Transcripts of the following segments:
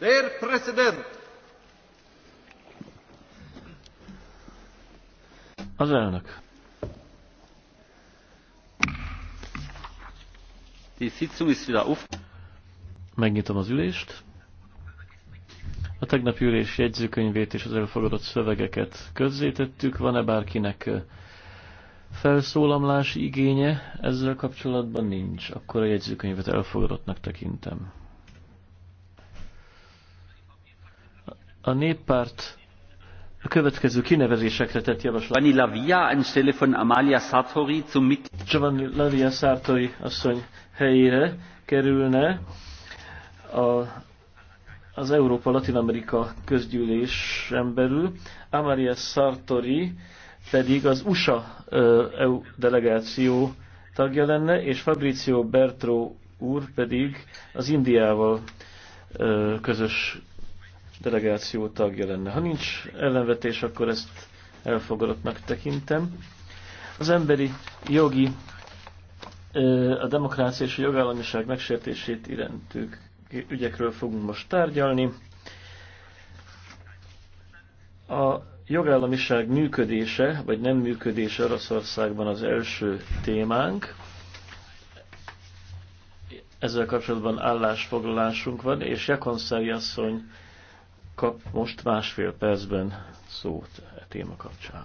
Dear President! Az elnök. Megnyitom az ülést. A tegnapi ülés jegyzőkönyvét és az elfogadott szövegeket közzétettük. Van-e bárkinek felszólamlási igénye? Ezzel kapcsolatban nincs. Akkor a jegyzőkönyvet elfogadottnak tekintem. A néppárt a következő kinevezésekre tett javaslat. Giovanni Lavia anstelle von Amalia Sartori zum mit... Giovanni Lavia Sartori asszony helyére kerülne a, az Európa-Latin-Amerika közgyűlésen belül. Amalia Sartori pedig az USA EU delegáció tagja lenne, és Fabrizio Bertro úr pedig az Indiával közös delegáció tagja lenne. Ha nincs ellenvetés, akkor ezt elfogadottnak tekintem. Az emberi jogi, a demokrácia és a jogállamiság megsértését irentő ügyekről fogunk most tárgyalni. A jogállamiság működése, vagy nem működése Oroszországban az első témánk. Ezzel kapcsolatban állásfoglalásunk van, és Jakonszági asszony kap most másfél percben szót a e téma kapcsán.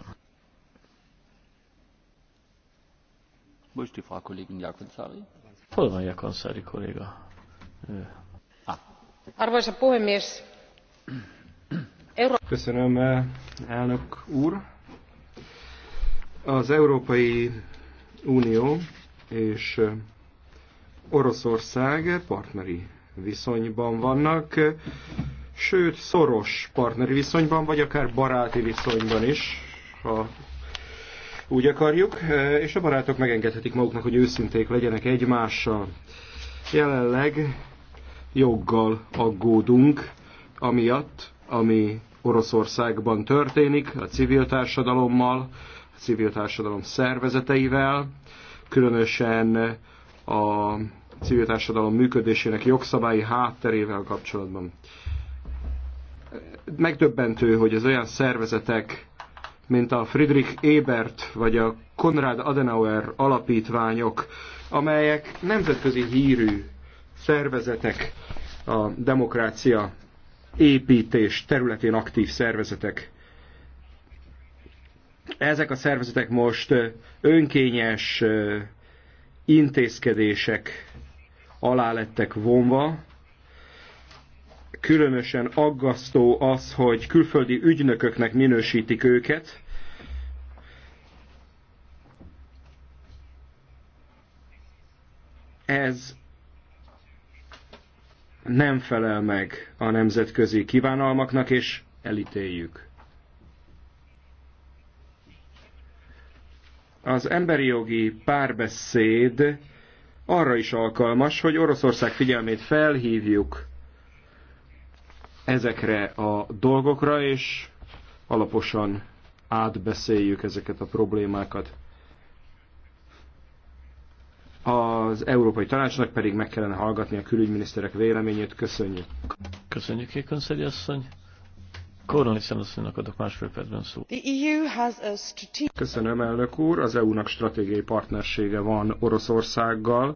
Most a kollégin Jakonszári. Hol van Jakonszári kolléga? Arvoisa puhemies, Euro... Köszönöm, e, elnök úr. Az Európai Unió és e, Oroszország partneri viszonyban vannak sőt szoros partneri viszonyban, vagy akár baráti viszonyban is, ha úgy akarjuk, e, és a barátok megengedhetik maguknak, hogy őszinték legyenek egymással. Jelenleg joggal aggódunk, amiatt, ami Oroszországban történik, a civil társadalommal, a civil társadalom szervezeteivel, különösen a civil társadalom működésének jogszabályi hátterével kapcsolatban megdöbbentő, hogy az olyan szervezetek, mint a Friedrich Ebert vagy a Konrad Adenauer alapítványok, amelyek nemzetközi hírű szervezetek, a demokrácia építés területén aktív szervezetek. Ezek a szervezetek most önkényes intézkedések alá lettek vonva, Különösen aggasztó az, hogy külföldi ügynököknek minősítik őket, ez nem felel meg a nemzetközi kívánalmaknak, és elítéljük. Az emberi jogi párbeszéd arra is alkalmas, hogy Oroszország figyelmét felhívjuk ezekre a dolgokra, és alaposan átbeszéljük ezeket a problémákat. Az Európai Tanácsnak pedig meg kellene hallgatni a külügyminiszterek véleményét. Köszönjük. Köszönjük, Kékonszegyi asszony. Koronisztán asszonynak adok másfél percben szó. E Köszönöm, elnök úr. Az EU-nak stratégiai partnersége van Oroszországgal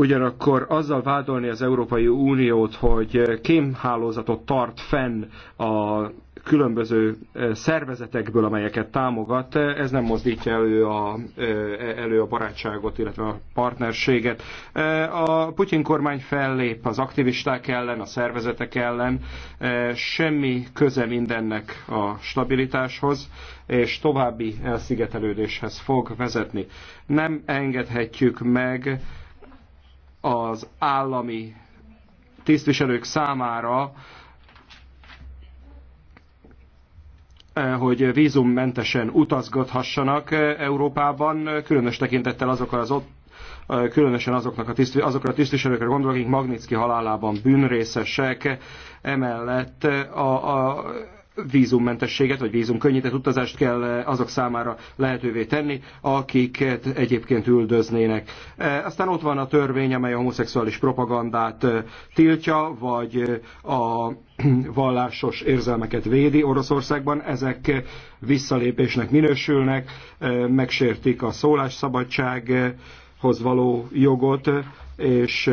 Ugyanakkor azzal vádolni az Európai Uniót, hogy kémhálózatot tart fenn a különböző szervezetekből, amelyeket támogat, ez nem mozdítja elő a, elő a barátságot, illetve a partnerséget. A Putyin kormány fellép az aktivisták ellen, a szervezetek ellen, semmi köze mindennek a stabilitáshoz, és további elszigetelődéshez fog vezetni. Nem engedhetjük meg, az állami tisztviselők számára, eh, hogy vízummentesen utazgathassanak eh, Európában, különös tekintettel azokra az ott eh, különösen azoknak a tisztvi, azokra a tisztviselőkre gondolok, akik Magnitsky halálában bűnrészesek, emellett a, a vízummentességet, vagy vízumkönnyített utazást kell eh, azok számára lehetővé tenni, akiket egyébként üldöznének. Eh, aztán ott van a törvény, amely a homoszexuális propagandát eh, tiltja, vagy a vallásos érzelmeket védi Oroszországban. Ezek visszalépésnek minősülnek, megsértik a szólásszabadsághoz való jogot, és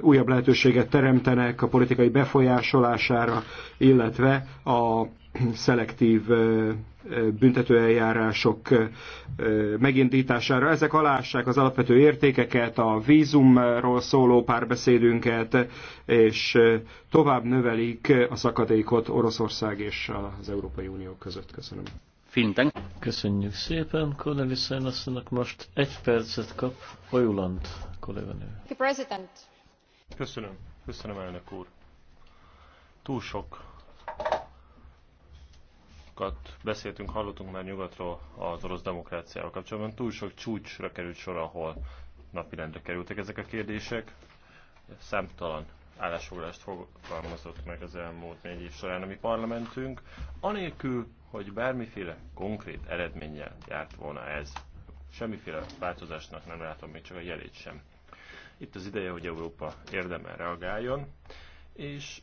újabb lehetőséget teremtenek a politikai befolyásolására, illetve a szelektív büntetőeljárások megindítására. Ezek alássák az alapvető értékeket, a vízumról szóló párbeszédünket, és tovább növelik a szakadékot Oroszország és az Európai Unió között. Köszönöm. Köszönjük szépen Cornelis Szenasszonynak. Most egy percet kap Ojuland kolléganő. Köszönöm. Köszönöm, elnök úr. Túl sokat beszéltünk, hallottunk már nyugatról az orosz demokráciával kapcsolatban. Túl sok csúcsra került sor, ahol napirendre kerültek ezek a kérdések. Számtalan állásfoglalást fogalmazott meg az elmúlt négy év során a mi parlamentünk, anélkül, hogy bármiféle konkrét eredménnyel járt volna ez. Semmiféle változásnak nem látom még csak a jelét sem. Itt az ideje, hogy Európa érdemel reagáljon, és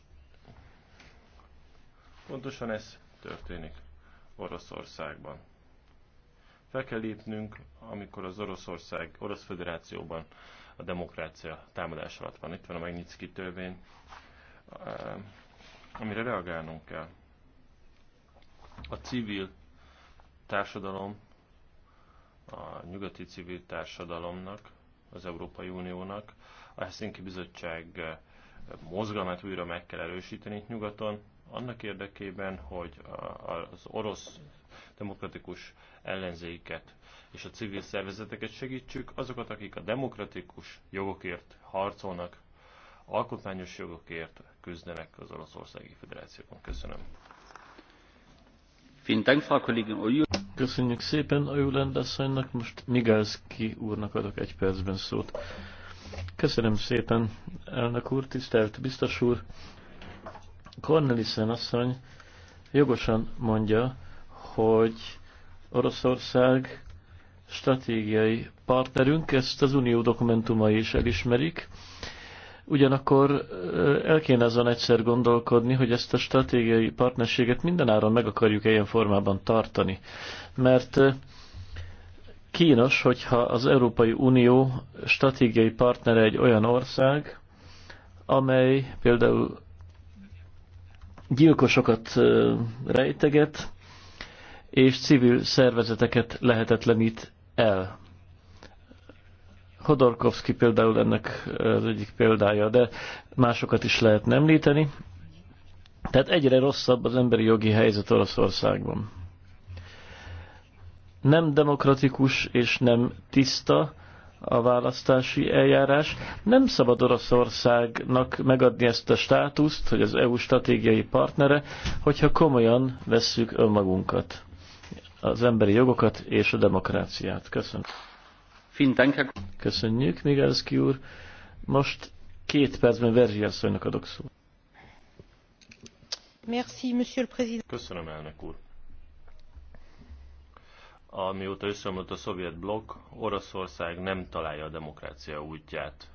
pontosan ez történik Oroszországban. Fel kell lépnünk, amikor az Oroszország, Orosz Föderációban a demokrácia támadás alatt van. Itt van a Magnitsky törvény, amire reagálnunk kell. A civil társadalom, a nyugati civil társadalomnak, az Európai Uniónak, a Helsinki Bizottság mozgalmát újra meg kell erősíteni nyugaton, annak érdekében, hogy az orosz demokratikus ellenzéket és a civil szervezeteket segítsük, azokat, akik a demokratikus jogokért harcolnak, alkotmányos jogokért küzdenek az Oroszországi Federációban. Köszönöm. Köszönjük szépen a Julendasszonynak, most Migalski úrnak adok egy percben szót. Köszönöm szépen, elnök úr, tisztelt biztos úr. Cornelissen asszony jogosan mondja, hogy Oroszország stratégiai partnerünk, ezt az unió dokumentumai is elismerik. Ugyanakkor el kéne azon egyszer gondolkodni, hogy ezt a stratégiai partnerséget mindenáron meg akarjuk -e ilyen formában tartani. Mert kínos, hogyha az Európai Unió stratégiai partnere egy olyan ország, amely például gyilkosokat rejteget, és civil szervezeteket lehetetlenít el. Hodorkovsky például ennek az egyik példája, de másokat is lehet említeni. Tehát egyre rosszabb az emberi jogi helyzet Oroszországban. Nem demokratikus és nem tiszta, a választási eljárás. Nem szabad Oroszországnak megadni ezt a státuszt, hogy az EU stratégiai partnere, hogyha komolyan vesszük önmagunkat, az emberi jogokat és a demokráciát. Köszönöm. Köszönjük, Migelszki úr. Most két percben Verzsi asszonynak adok szót. Merci, monsieur le président. Köszönöm, elnök úr amióta összeomlott a szovjet blokk, Oroszország nem találja a demokrácia útját.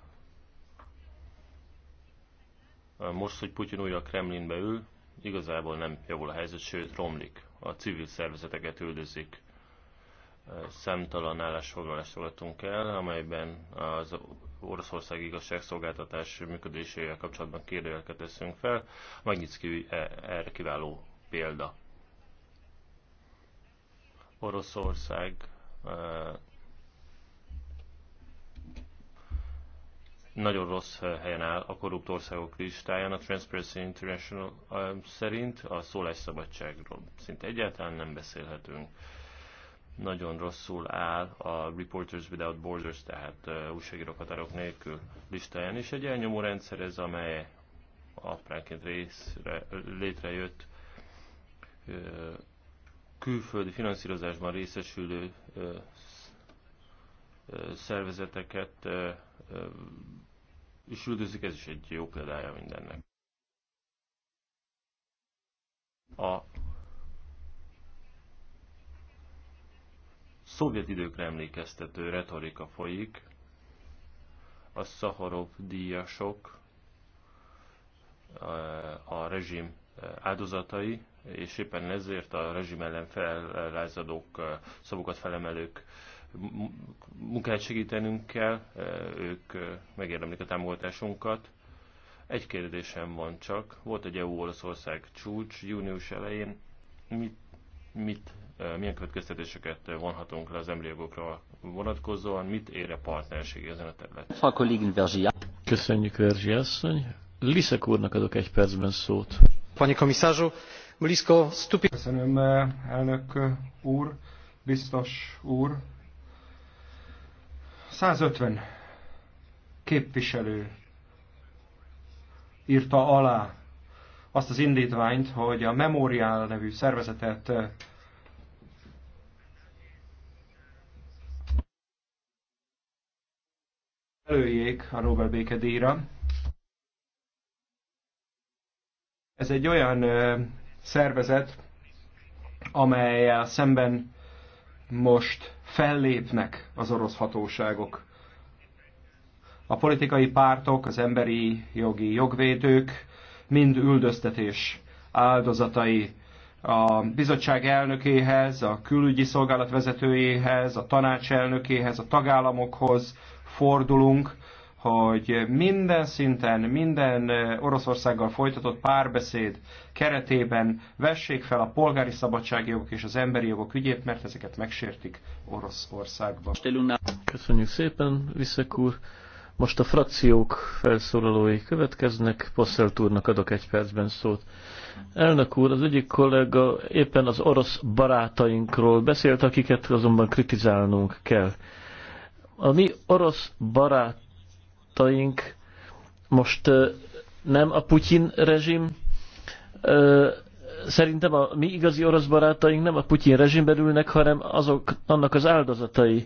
Most, hogy Putyin újra Kremlinbe ül, igazából nem javul a helyzet, sőt romlik. A civil szervezeteket üldözik. Szemtalan állásfoglalást fogadtunk el, amelyben az Oroszország igazságszolgáltatás működésével kapcsolatban kérdőjelket teszünk fel. Magnitsky eh, erre kiváló példa. Oroszország nagyon rossz helyen áll a korrupt országok listáján. A Transparency International szerint a szólásszabadságról szinte egyáltalán nem beszélhetünk. Nagyon rosszul áll a Reporters Without Borders, tehát újságírók határok nélkül listáján is. Egy elnyomó rendszer ez, amely apránként részre, létrejött külföldi finanszírozásban részesülő szervezeteket is üldözik, ez is egy jó példája mindennek. A szovjet időkre emlékeztető retorika folyik, a Szahorov díjasok, a rezsim áldozatai, és éppen ezért a rezsim ellen felrázadók, szavukat felemelők munkát segítenünk kell, ők megérdemlik a támogatásunkat. Egy kérdésem van csak, volt egy EU-Olaszország csúcs június elején, mit, mit, milyen következtetéseket vonhatunk le az emlékokra vonatkozóan, mit ér a partnerség ezen a területen? Köszönjük, Verzsi asszony. Liszek úrnak adok egy percben szót. Panie komisarzu, Köszönöm, elnök úr, biztos úr. 150 képviselő írta alá azt az indítványt, hogy a Memorial nevű szervezetet eh, előjék a Nobel békedíjra. Ez egy olyan eh, szervezet, amelyel szemben most fellépnek az orosz hatóságok. A politikai pártok, az emberi jogi jogvédők mind üldöztetés áldozatai a bizottság elnökéhez, a külügyi szolgálat vezetőjéhez, a tanács elnökéhez, a tagállamokhoz fordulunk, hogy minden szinten, minden Oroszországgal folytatott párbeszéd keretében vessék fel a polgári szabadságjogok és az emberi jogok ügyét, mert ezeket megsértik Oroszországban. Köszönjük szépen, Viszek úr. Most a frakciók felszólalói következnek. Posselt úrnak adok egy percben szót. Elnök úr, az egyik kollega éppen az orosz barátainkról beszélt, akiket azonban kritizálnunk kell. A mi orosz barát barátaink most nem a Putyin rezsim, szerintem a mi igazi orosz barátaink nem a Putyin rezsimben ülnek, hanem azok, annak az áldozatai,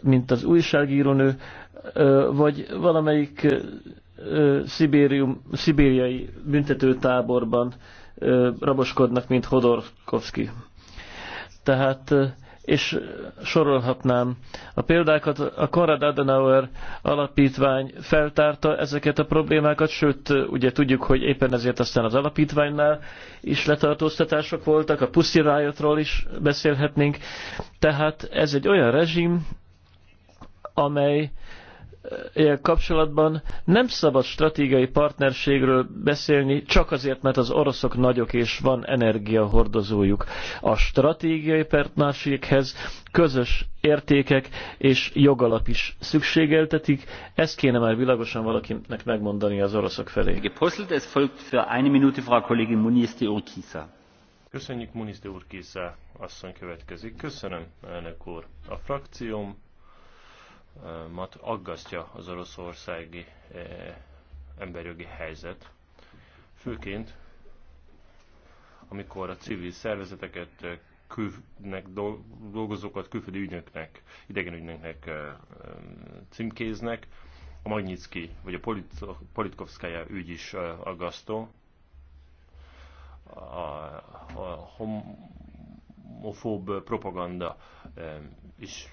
mint az újságírónő, vagy valamelyik szibérium, szibériai büntetőtáborban raboskodnak, mint Hodorkovsky. Tehát és sorolhatnám a példákat. A Konrad Adenauer alapítvány feltárta ezeket a problémákat, sőt, ugye tudjuk, hogy éppen ezért aztán az alapítványnál is letartóztatások voltak, a Pussy Riotról is beszélhetnénk. Tehát ez egy olyan rezsim, amely kapcsolatban nem szabad stratégiai partnerségről beszélni, csak azért, mert az oroszok nagyok és van energiahordozójuk. A stratégiai partnerséghez közös értékek és jogalap is szükségeltetik. Ezt kéne már világosan valakinek megmondani az oroszok felé. Köszönjük Muniszti úr Kisza, asszony következik. Köszönöm, elnök úr. A frakcióm mat aggasztja az oroszországi eh, emberjogi helyzet. Főként, amikor a civil szervezeteket eh, külnek, dolgozókat külföldi ügynöknek, idegen ügynöknek eh, címkéznek. A Magnitsky vagy a Politkovskaya ügy is aggasztó. A, a homofób propaganda is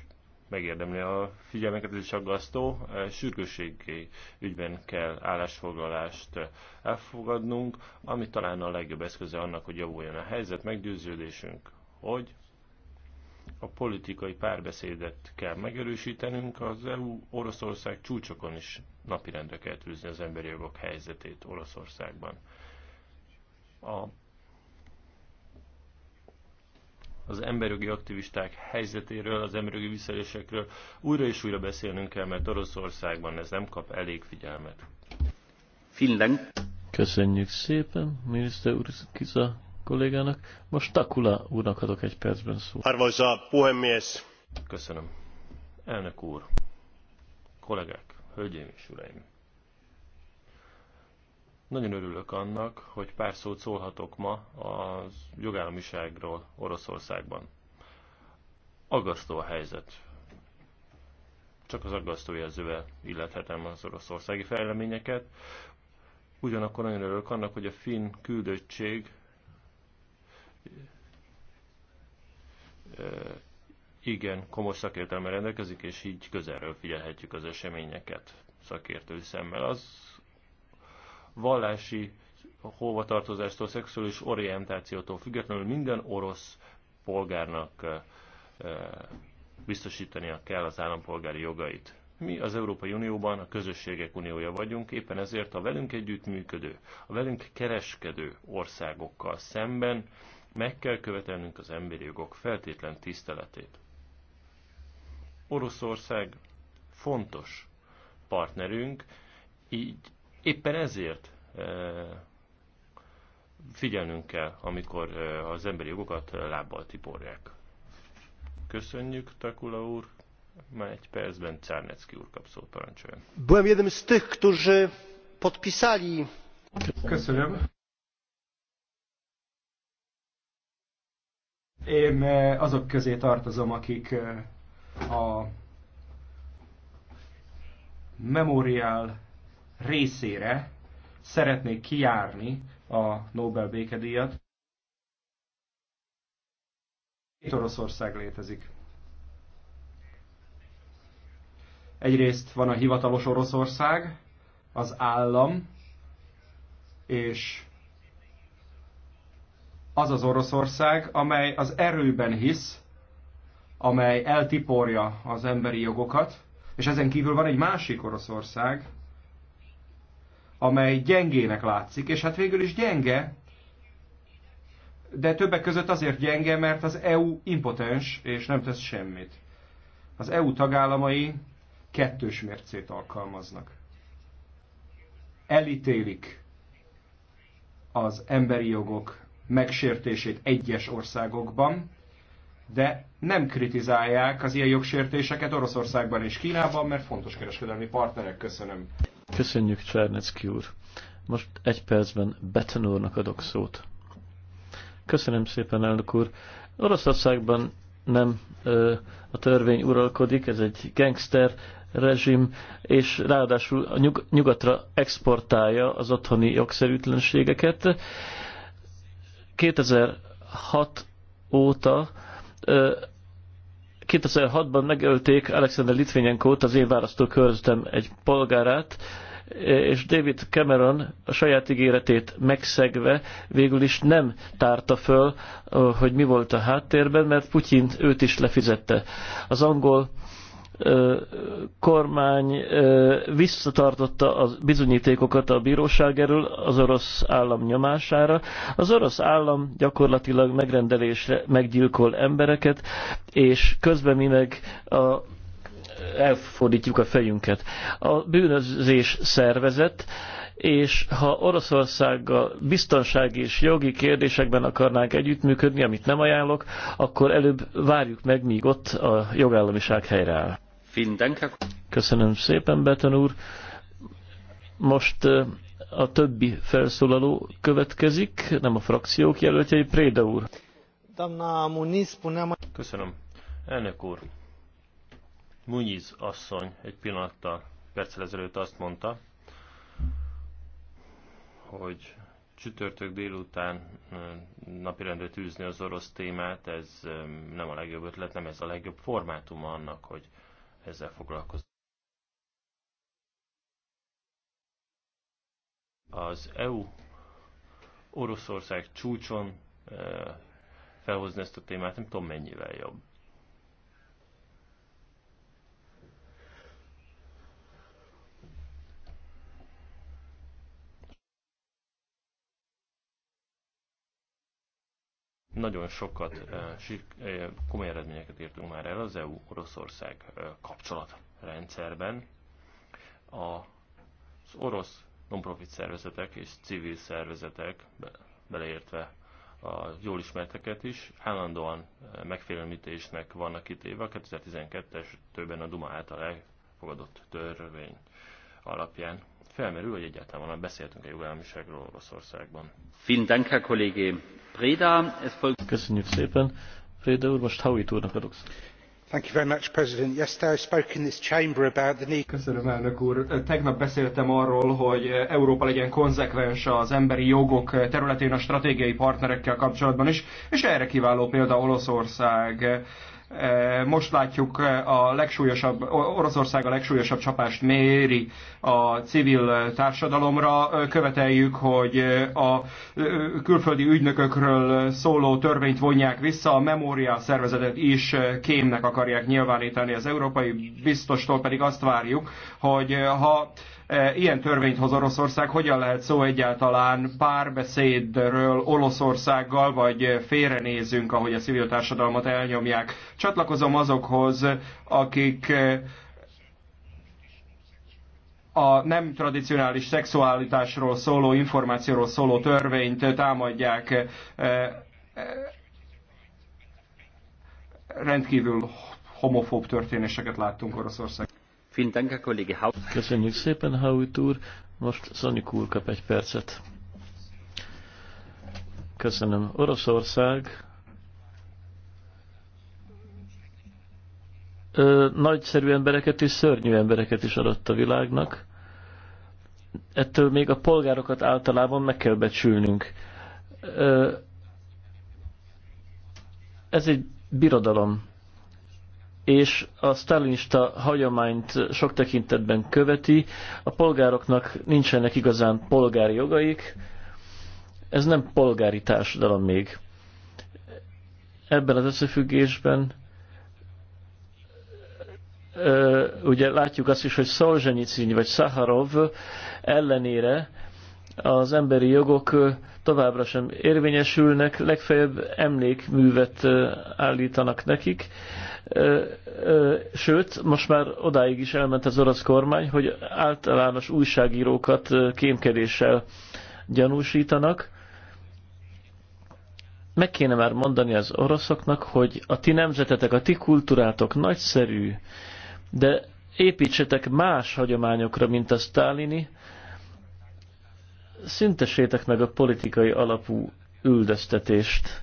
megérdemli a figyelmeket, ez is aggasztó. E, Sürgőségi ügyben kell állásfoglalást elfogadnunk, ami talán a legjobb eszköze annak, hogy javuljon a helyzet. Meggyőződésünk, hogy a politikai párbeszédet kell megerősítenünk, az EU-Oroszország csúcsokon is napirendre kell tűzni az emberi jogok helyzetét Oroszországban. A az emberjogi aktivisták helyzetéről, az emberjogi visszaélésekről újra és újra beszélnünk kell, mert Oroszországban ez nem kap elég figyelmet. Finland. Köszönjük szépen, miniszter úr Kiza kollégának. Most Takula úrnak adok egy percben szót. Arvoisa puhemies. Köszönöm. Elnök úr, kollégák, hölgyeim és uraim. Nagyon örülök annak, hogy pár szót szólhatok ma a jogállamiságról Oroszországban. Aggasztó a helyzet. Csak az aggasztó jelzővel illethetem az oroszországi fejleményeket. Ugyanakkor nagyon örülök annak, hogy a finn küldöttség eh, igen komoly szakértelme rendelkezik, és így közelről figyelhetjük az eseményeket szakértői szemmel. Az vallási hovatartozástól, szexuális orientációtól függetlenül minden orosz polgárnak biztosítania kell az állampolgári jogait. Mi az Európai Unióban a közösségek uniója vagyunk, éppen ezért a velünk együttműködő, a velünk kereskedő országokkal szemben meg kell követelnünk az emberi jogok feltétlen tiszteletét. Oroszország fontos partnerünk, így Éppen ezért e, figyelnünk kell, amikor e, az emberi jogokat lábbal tiporják. Köszönjük, Takula úr. Már egy percben Czárnecki úr kap szót, parancsoljon. Byłem jednym z tych, którzy podpisali. Köszönöm. Én e, azok közé tartozom, akik a memoriál részére szeretnék kiárni a Nobel békedíjat. Két Oroszország létezik. Egyrészt van a hivatalos Oroszország, az állam, és az az Oroszország, amely az erőben hisz, amely eltiporja az emberi jogokat, és ezen kívül van egy másik Oroszország, amely gyengének látszik, és hát végül is gyenge, de többek között azért gyenge, mert az EU impotens, és nem tesz semmit. Az EU tagállamai kettős mércét alkalmaznak. Elítélik az emberi jogok megsértését egyes országokban, de nem kritizálják az ilyen jogsértéseket Oroszországban és Kínában, mert fontos kereskedelmi partnerek. Köszönöm. Köszönjük, Csárnecki úr. Most egy percben Betten úrnak adok szót. Köszönöm szépen, elnök úr. Oroszországban nem ö, a törvény uralkodik, ez egy gangster rezsim, és ráadásul a nyug, nyugatra exportálja az otthoni jogszerűtlenségeket. 2006 óta ö, 2006-ban megölték Alexander Litvinyenkót, az én választókörzetem egy polgárát, és David Cameron a saját ígéretét megszegve végül is nem tárta föl, hogy mi volt a háttérben, mert Putyin őt is lefizette. Az angol kormány visszatartotta a bizonyítékokat a bíróság elől az orosz állam nyomására. Az orosz állam gyakorlatilag megrendelésre meggyilkol embereket, és közben mi meg a elfordítjuk a fejünket. A bűnözés szervezet, és ha Oroszországgal biztonsági és jogi kérdésekben akarnánk együttműködni, amit nem ajánlok, akkor előbb várjuk meg, míg ott a jogállamiság helyreáll. Köszönöm szépen, Beton úr. Most eh, a többi felszólaló következik, nem a frakciók jelöltjei, Préda úr. Köszönöm. Elnök úr, Munyiz asszony egy pillanattal, perccel ezelőtt azt mondta, hogy csütörtök délután eh, napirendre tűzni az orosz témát, ez eh, nem a legjobb ötlet, nem ez a legjobb formátuma annak, hogy ezzel foglalkozni. Az EU Oroszország csúcson eh, felhozni ezt a témát, nem tudom mennyivel jobb. Nagyon sokat, komoly eredményeket írtunk már el az EU-Oroszország kapcsolatrendszerben. Az orosz nonprofit szervezetek és civil szervezetek, beleértve a jól ismerteket is, állandóan megfélemlítésnek vannak kitéve a 2012-es többen a Duma által elfogadott törvény alapján felmerül, hogy egyáltalán van, beszéltünk a jogállamiságról Oroszországban. Köszönjük szépen. Préda úr, most Howitt úrnak adok Köszönöm, elnök úr. Tegnap beszéltem arról, hogy Európa legyen konzekvens az emberi jogok területén a stratégiai partnerekkel kapcsolatban is, és erre kiváló példa Olaszország Eh, most látjuk eh, a legsúlyosabb, Oroszország a legsúlyosabb csapást méri a civil társadalomra. Eh, követeljük, hogy a külföldi ügynökökről szóló törvényt vonják vissza, a memóriál szervezetet is kémnek akarják nyilvánítani az európai biztostól, pedig azt várjuk, hogy ha E, ilyen törvényt hoz Oroszország, hogyan lehet szó egyáltalán párbeszédről Oroszországgal, vagy félrenézünk, ahogy a civil társadalmat elnyomják. Csatlakozom azokhoz, akik e, a nem tradicionális szexualitásról szóló, információról szóló törvényt támadják e, rendkívül homofób történéseket láttunk Oroszország. Köszönjük szépen, Howitt úr. Most Szonik úr kap egy percet. Köszönöm. Oroszország ö, nagyszerű embereket és szörnyű embereket is adott a világnak. Ettől még a polgárokat általában meg kell becsülnünk. Ö, ez egy birodalom és a sztálinista hagyományt sok tekintetben követi. A polgároknak nincsenek igazán polgári jogaik, ez nem polgári társadalom még. Ebben az összefüggésben ugye látjuk azt is, hogy Szolzsenyicin vagy Szaharov ellenére az emberi jogok továbbra sem érvényesülnek, legfeljebb emlékművet állítanak nekik. Sőt, most már odáig is elment az orosz kormány, hogy általános újságírókat kémkedéssel gyanúsítanak. Meg kéne már mondani az oroszoknak, hogy a ti nemzetetek, a ti kultúrátok nagyszerű, de építsetek más hagyományokra, mint a sztálini, szüntessétek meg a politikai alapú üldöztetést.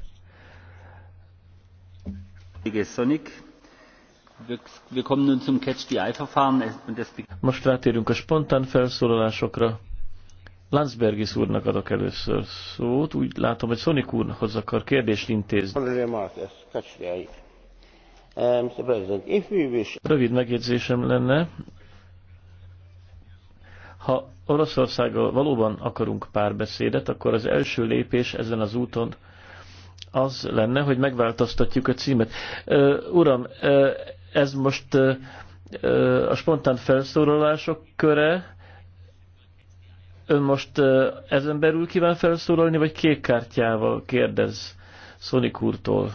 Most rátérünk a spontán felszólalásokra. Landsbergis úrnak adok először szót. Úgy látom, hogy Sonic úrhoz akar kérdést intézni. Eh, Rövid megjegyzésem lenne. Ha Oroszországgal valóban akarunk párbeszédet, akkor az első lépés ezen az úton az lenne, hogy megváltoztatjuk a címet. uram, ez most a spontán felszólalások köre. Ön most ezen belül kíván felszólalni, vagy kék kártyával kérdez Szonik úrtól?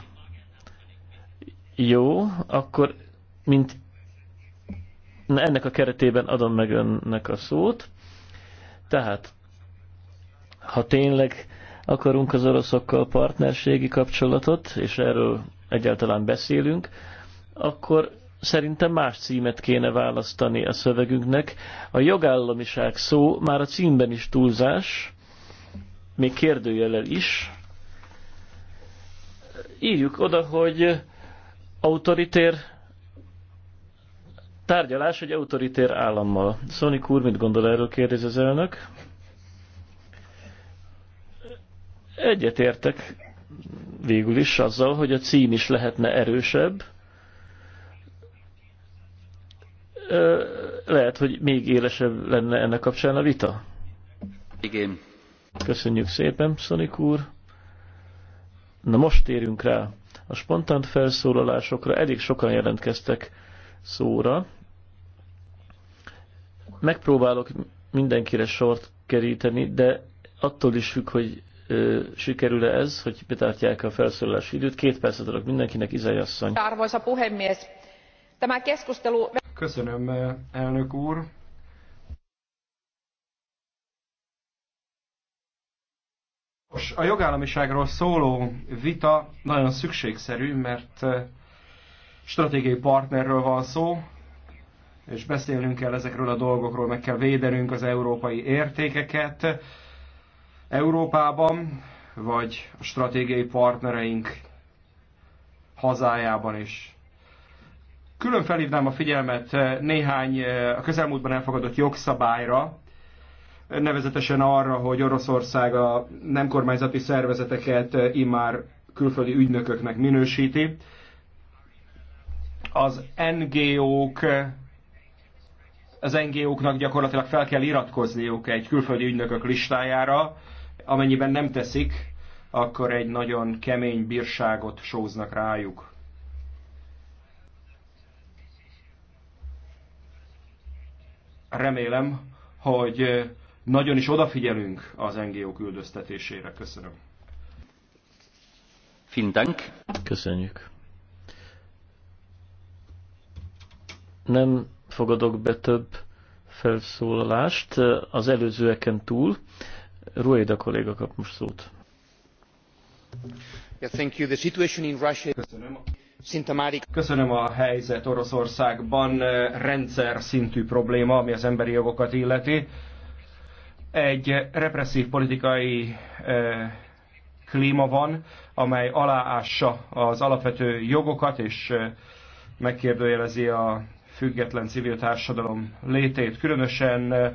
Jó, akkor mint ennek a keretében adom meg önnek a szót. Tehát, ha tényleg akarunk az oroszokkal partnerségi kapcsolatot, és erről egyáltalán beszélünk, akkor szerintem más címet kéne választani a szövegünknek. A jogállamiság szó már a címben is túlzás, még kérdőjelel is. Írjuk oda, hogy autoritér tárgyalás egy autoritér állammal. Szonik úr, mit gondol erről, kérdez az elnök? Egyetértek végül is azzal, hogy a cím is lehetne erősebb. Lehet, hogy még élesebb lenne ennek kapcsán a vita. Igen. Köszönjük szépen, Szonik úr. Na most térünk rá. A spontán felszólalásokra elég sokan jelentkeztek szóra. Megpróbálok mindenkire sort keríteni, de attól is függ, hogy sikerül-e ez, hogy betartják a felszólalási időt. Két percet adok mindenkinek, Izai asszony. Arvoisa puhemies, tämä keskustelu... Köszönöm, elnök úr. A jogállamiságról szóló vita nagyon szükségszerű, mert stratégiai partnerről van szó, és beszélnünk kell ezekről a dolgokról, meg kell védenünk az európai értékeket Európában, vagy a stratégiai partnereink hazájában is. Külön felhívnám a figyelmet néhány a közelmúltban elfogadott jogszabályra, nevezetesen arra, hogy Oroszország a nem kormányzati szervezeteket immár külföldi ügynököknek minősíti az NGO-k az NGO-knak gyakorlatilag fel kell iratkozniuk egy külföldi ügynökök listájára, amennyiben nem teszik, akkor egy nagyon kemény bírságot sóznak rájuk. Remélem, hogy nagyon is odafigyelünk az NGO küldöztetésére. Köszönöm. Vielen Köszönjük. nem fogadok be több felszólalást az előzőeken túl. Rueda kolléga kap most szót. Yeah, thank you. The situation in Russia... Köszönöm. Köszönöm a helyzet Oroszországban, eh, rendszer szintű probléma, ami az emberi jogokat illeti. Egy represszív politikai eh, klíma van, amely aláássa az alapvető jogokat, és eh, megkérdőjelezi a független civil társadalom létét. Különösen eh,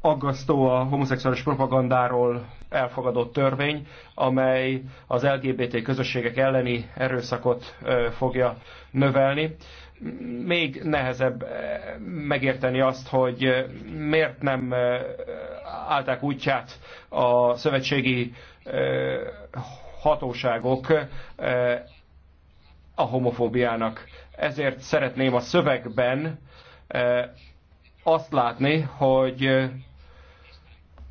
aggasztó a homoszexuális propagandáról elfogadott törvény, amely az LGBT közösségek elleni erőszakot eh, fogja növelni. Még nehezebb eh, megérteni azt, hogy miért nem állták útját a szövetségi hatóságok a homofóbiának ezért szeretném a szövegben eh, azt látni, hogy eh,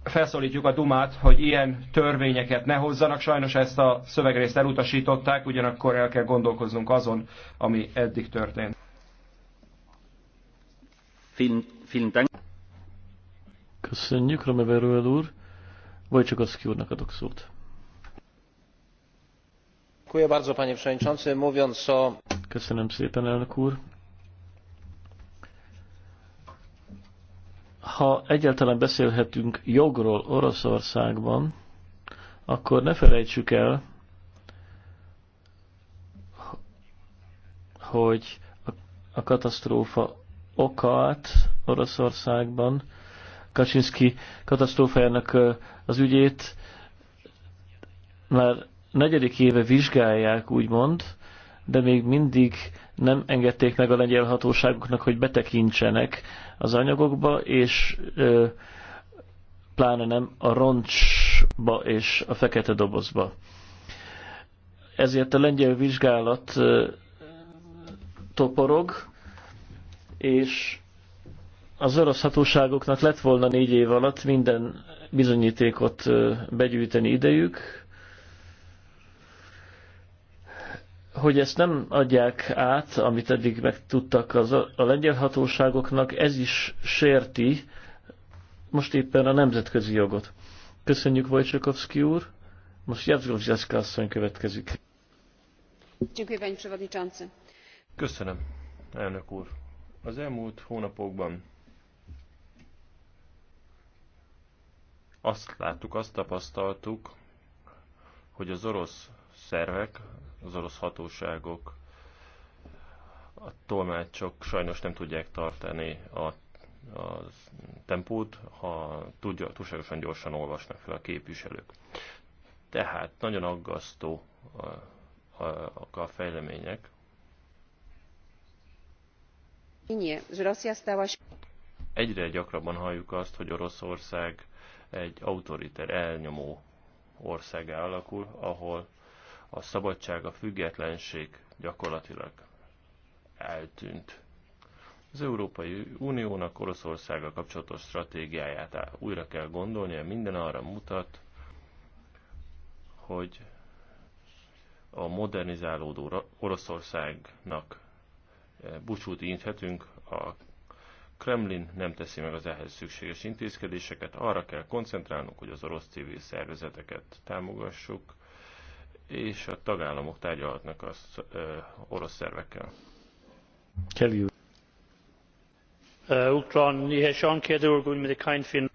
felszólítjuk a Dumát, hogy ilyen törvényeket ne hozzanak. Sajnos ezt a szövegrészt elutasították, ugyanakkor el kell gondolkoznunk azon, ami eddig történt. Köszönjük, Romeverőel úr. Vagy csak az úrnak adok szót. Dziękuję bardzo, panie przewodniczący. Mówiąc o Köszönöm szépen, elnök úr. Ha egyáltalán beszélhetünk jogról Oroszországban, akkor ne felejtsük el, hogy a katasztrófa okát Oroszországban, Kaczynski katasztrófájának az ügyét már negyedik éve vizsgálják, úgymond, de még mindig nem engedték meg a lengyel hatóságoknak, hogy betekintsenek az anyagokba, és ö, pláne nem a roncsba és a fekete dobozba. Ezért a lengyel vizsgálat ö, toporog, és az orosz hatóságoknak lett volna négy év alatt minden bizonyítékot begyűjteni idejük, hogy ezt nem adják át, amit eddig megtudtak az a lengyel hatóságoknak, ez is sérti most éppen a nemzetközi jogot. Köszönjük Wojciechowski úr, most Jacek asszony következik. Köszönöm, elnök úr. Az elmúlt hónapokban azt láttuk, azt tapasztaltuk, hogy az orosz szervek az orosz hatóságok a tolmácsok sajnos nem tudják tartani a, a tempót, ha tudja, túlságosan gyorsan olvasnak fel a képviselők. Tehát nagyon aggasztó a, a, a fejlemények. Egyre gyakrabban halljuk azt, hogy Oroszország egy autoriter, elnyomó országá alakul, ahol a szabadság, a függetlenség gyakorlatilag eltűnt. Az Európai Uniónak Oroszországgal kapcsolatos stratégiáját újra kell gondolnia, minden arra mutat, hogy a modernizálódó Oroszországnak eh, búcsút inthetünk, a Kremlin nem teszi meg az ehhez szükséges intézkedéseket, arra kell koncentrálnunk, hogy az orosz civil szervezeteket támogassuk, és a tagállamok tárgyalhatnak az orosz szervekkel.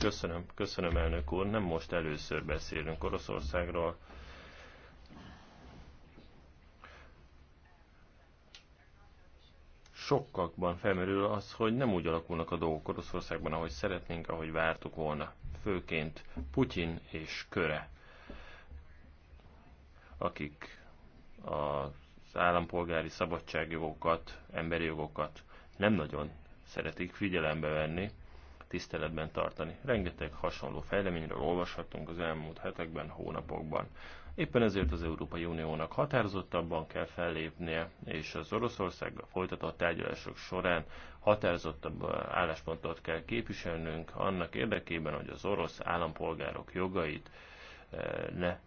Köszönöm, köszönöm elnök úr. Nem most először beszélünk Oroszországról. Sokkakban felmerül az, hogy nem úgy alakulnak a dolgok Oroszországban, ahogy szeretnénk, ahogy vártuk volna. Főként Putyin és köre akik az állampolgári szabadságjogokat, emberi jogokat nem nagyon szeretik figyelembe venni, tiszteletben tartani. Rengeteg hasonló fejleményről olvashatunk az elmúlt hetekben, hónapokban. Éppen ezért az Európai Uniónak határozottabban kell fellépnie, és az Oroszországgal folytatott tárgyalások során határozottabb álláspontot kell képviselnünk annak érdekében, hogy az orosz állampolgárok jogait eh, ne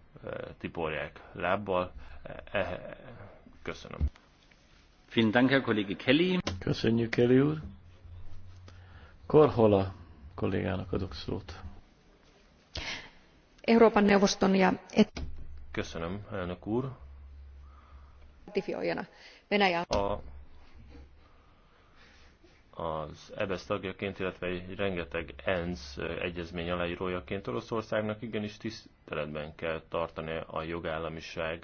tiporják lábbal. E, e, köszönöm. Köszönjük, Kelly úr. Korhola kollégának adok szót. Euroopan neuvoston ja... Et... Köszönöm, elnök úr. Ratifioijana. Venäjä. A az EBSZ e tagjaként, illetve egy rengeteg ENSZ egyezmény aláírójaként Oroszországnak igenis tiszteletben kell tartani a jogállamiság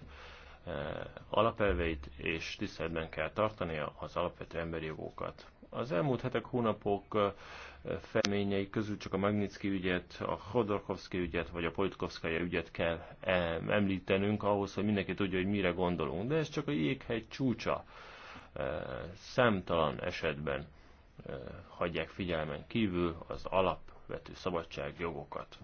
eh, alapelveit, és tiszteletben kell tartania az alapvető emberi jogokat. Az elmúlt hetek, hónapok eh, felményei közül csak a Magnitsky ügyet, a Khodorkovsky ügyet, vagy a Politkovskaya ügyet kell eh, említenünk ahhoz, hogy mindenki tudja, hogy mire gondolunk. De ez csak a jéghegy csúcsa számtalan esetben hagyják figyelmen kívül az alapvető szabadságjogokat.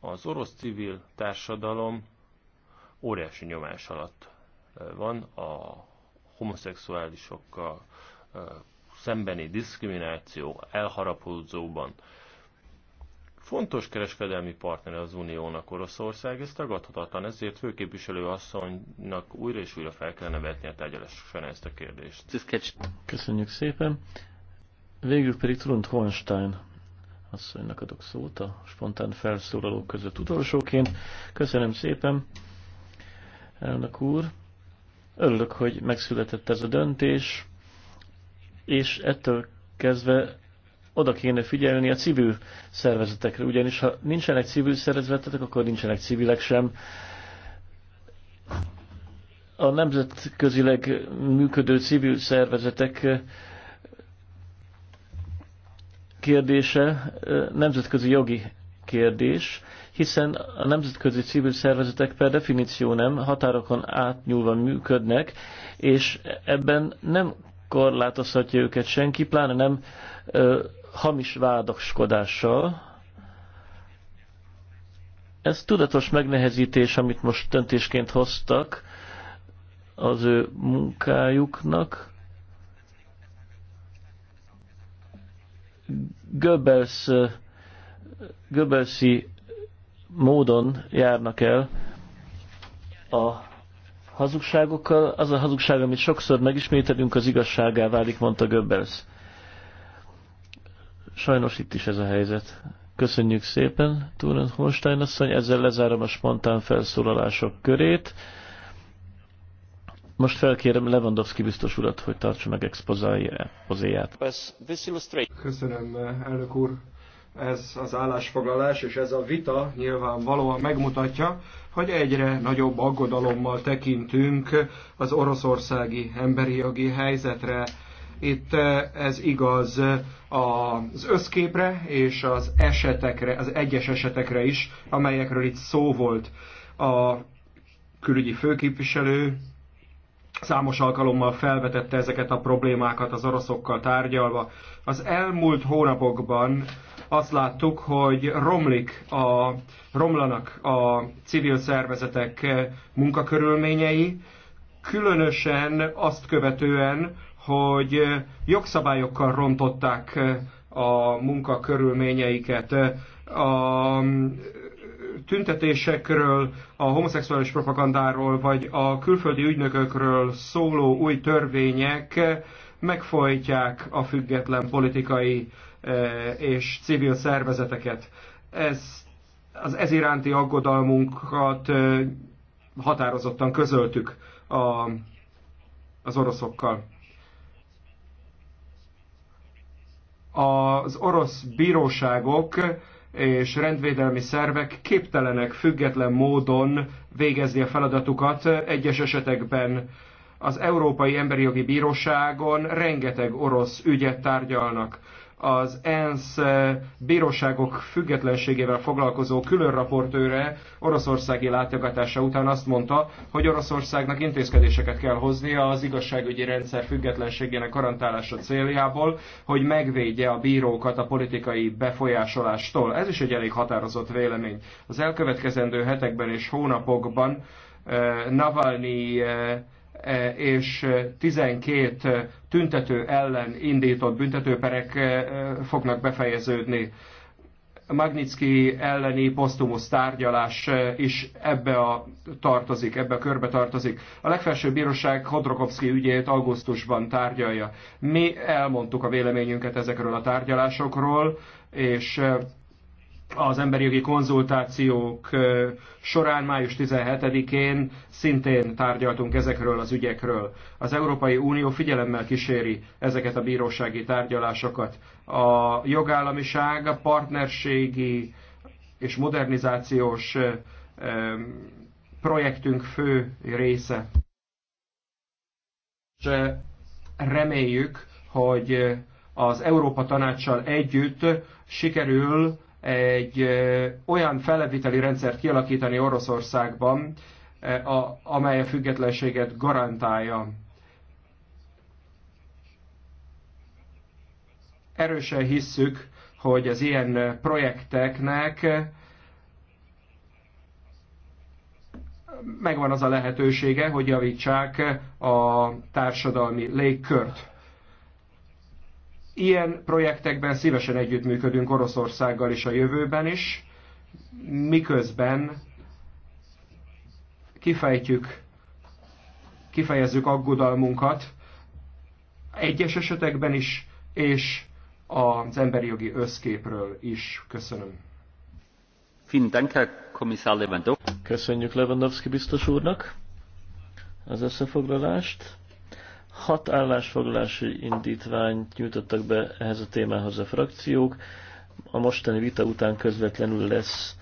Az orosz civil társadalom óriási nyomás alatt van a homoszexuálisokkal szembeni diszkrimináció elharapódzóban Fontos kereskedelmi partnere az Uniónak Oroszország, ez tagadhatatlan, ezért főképviselő asszonynak újra és újra fel kellene vetni a tárgyalásosan ezt a kérdést. Köszönjük szépen. Végül pedig Trund Hornstein asszonynak adok szót a spontán felszólalók között utolsóként. Köszönöm szépen, elnök úr. Örülök, hogy megszületett ez a döntés, és ettől kezdve oda kéne figyelni a civil szervezetekre, ugyanis ha nincsenek civil szervezetek, akkor nincsenek civilek sem. A nemzetközileg működő civil szervezetek eh, kérdése eh, nemzetközi jogi kérdés, hiszen a nemzetközi civil szervezetek per definíció nem határokon átnyúlva működnek, és ebben nem korlátozhatja őket senki, pláne nem ö, hamis vádaskodással. Ez tudatos megnehezítés, amit most döntésként hoztak az ő munkájuknak. Goebbels, Goebbelsi módon járnak el a hazugságokkal, az a hazugság, amit sokszor megismételünk, az igazságá válik, mondta Göbbels. Sajnos itt is ez a helyzet. Köszönjük szépen, Túren Holstein asszony, ezzel lezárom a spontán felszólalások körét. Most felkérem Lewandowski biztos urat, hogy tartsa meg expozáját. Köszönöm, elnök úr ez az állásfoglalás és ez a vita nyilvánvalóan megmutatja, hogy egyre nagyobb aggodalommal tekintünk az oroszországi emberi jogi helyzetre. Itt eh, ez igaz eh, az összképre és az esetekre, az egyes esetekre is, amelyekről itt szó volt. A külügyi főképviselő számos alkalommal felvetette ezeket a problémákat az oroszokkal tárgyalva. Az elmúlt hónapokban azt láttuk, hogy romlik a, romlanak a civil szervezetek eh, munkakörülményei, különösen azt követően, hogy eh, jogszabályokkal rontották eh, a munkakörülményeiket. A mm, tüntetésekről, a homoszexuális propagandáról, vagy a külföldi ügynökökről szóló új törvények megfojtják a független politikai és civil szervezeteket. Ez, az ez iránti aggodalmunkat határozottan közöltük a, az oroszokkal. Az orosz bíróságok és rendvédelmi szervek képtelenek független módon végezni a feladatukat. Egyes esetekben az Európai Emberi Jogi Bíróságon rengeteg orosz ügyet tárgyalnak az ENSZ eh, bíróságok függetlenségével foglalkozó külön raportőre oroszországi látogatása után azt mondta, hogy Oroszországnak intézkedéseket kell hoznia az igazságügyi rendszer függetlenségének garantálása céljából, hogy megvédje a bírókat a politikai befolyásolástól. Ez is egy elég határozott vélemény. Az elkövetkezendő hetekben és hónapokban eh, Navalnyi eh, E, és 12 e, e, tüntető ellen indított büntetőperek fognak befejeződni. Magnitsky elleni posztumusz tárgyalás is ebbe a tartozik, ebbe a körbe tartozik. A legfelsőbb bíróság Hodrokovszki ügyét augusztusban tárgyalja. Mi elmondtuk a véleményünket ezekről a tárgyalásokról, és az emberi jogi konzultációk során május 17-én szintén tárgyaltunk ezekről az ügyekről. Az Európai Unió figyelemmel kíséri ezeket a bírósági tárgyalásokat. A jogállamiság, a partnerségi és modernizációs projektünk fő része. És reméljük, hogy az Európa Tanácssal együtt sikerül egy olyan felleviteli rendszert kialakítani Oroszországban, amely a függetlenséget garantálja. Erősen hisszük, hogy az ilyen projekteknek megvan az a lehetősége, hogy javítsák a társadalmi légkört. Ilyen projektekben szívesen együttműködünk Oroszországgal is a jövőben is, miközben kifejtjük, kifejezzük aggodalmunkat egyes esetekben is, és az emberi jogi összképről is. Köszönöm. Köszönjük Lewandowski biztos úrnak az összefoglalást. Hat állásfoglalási indítványt nyújtottak be ehhez a témához a frakciók. A mostani vita után közvetlenül lesz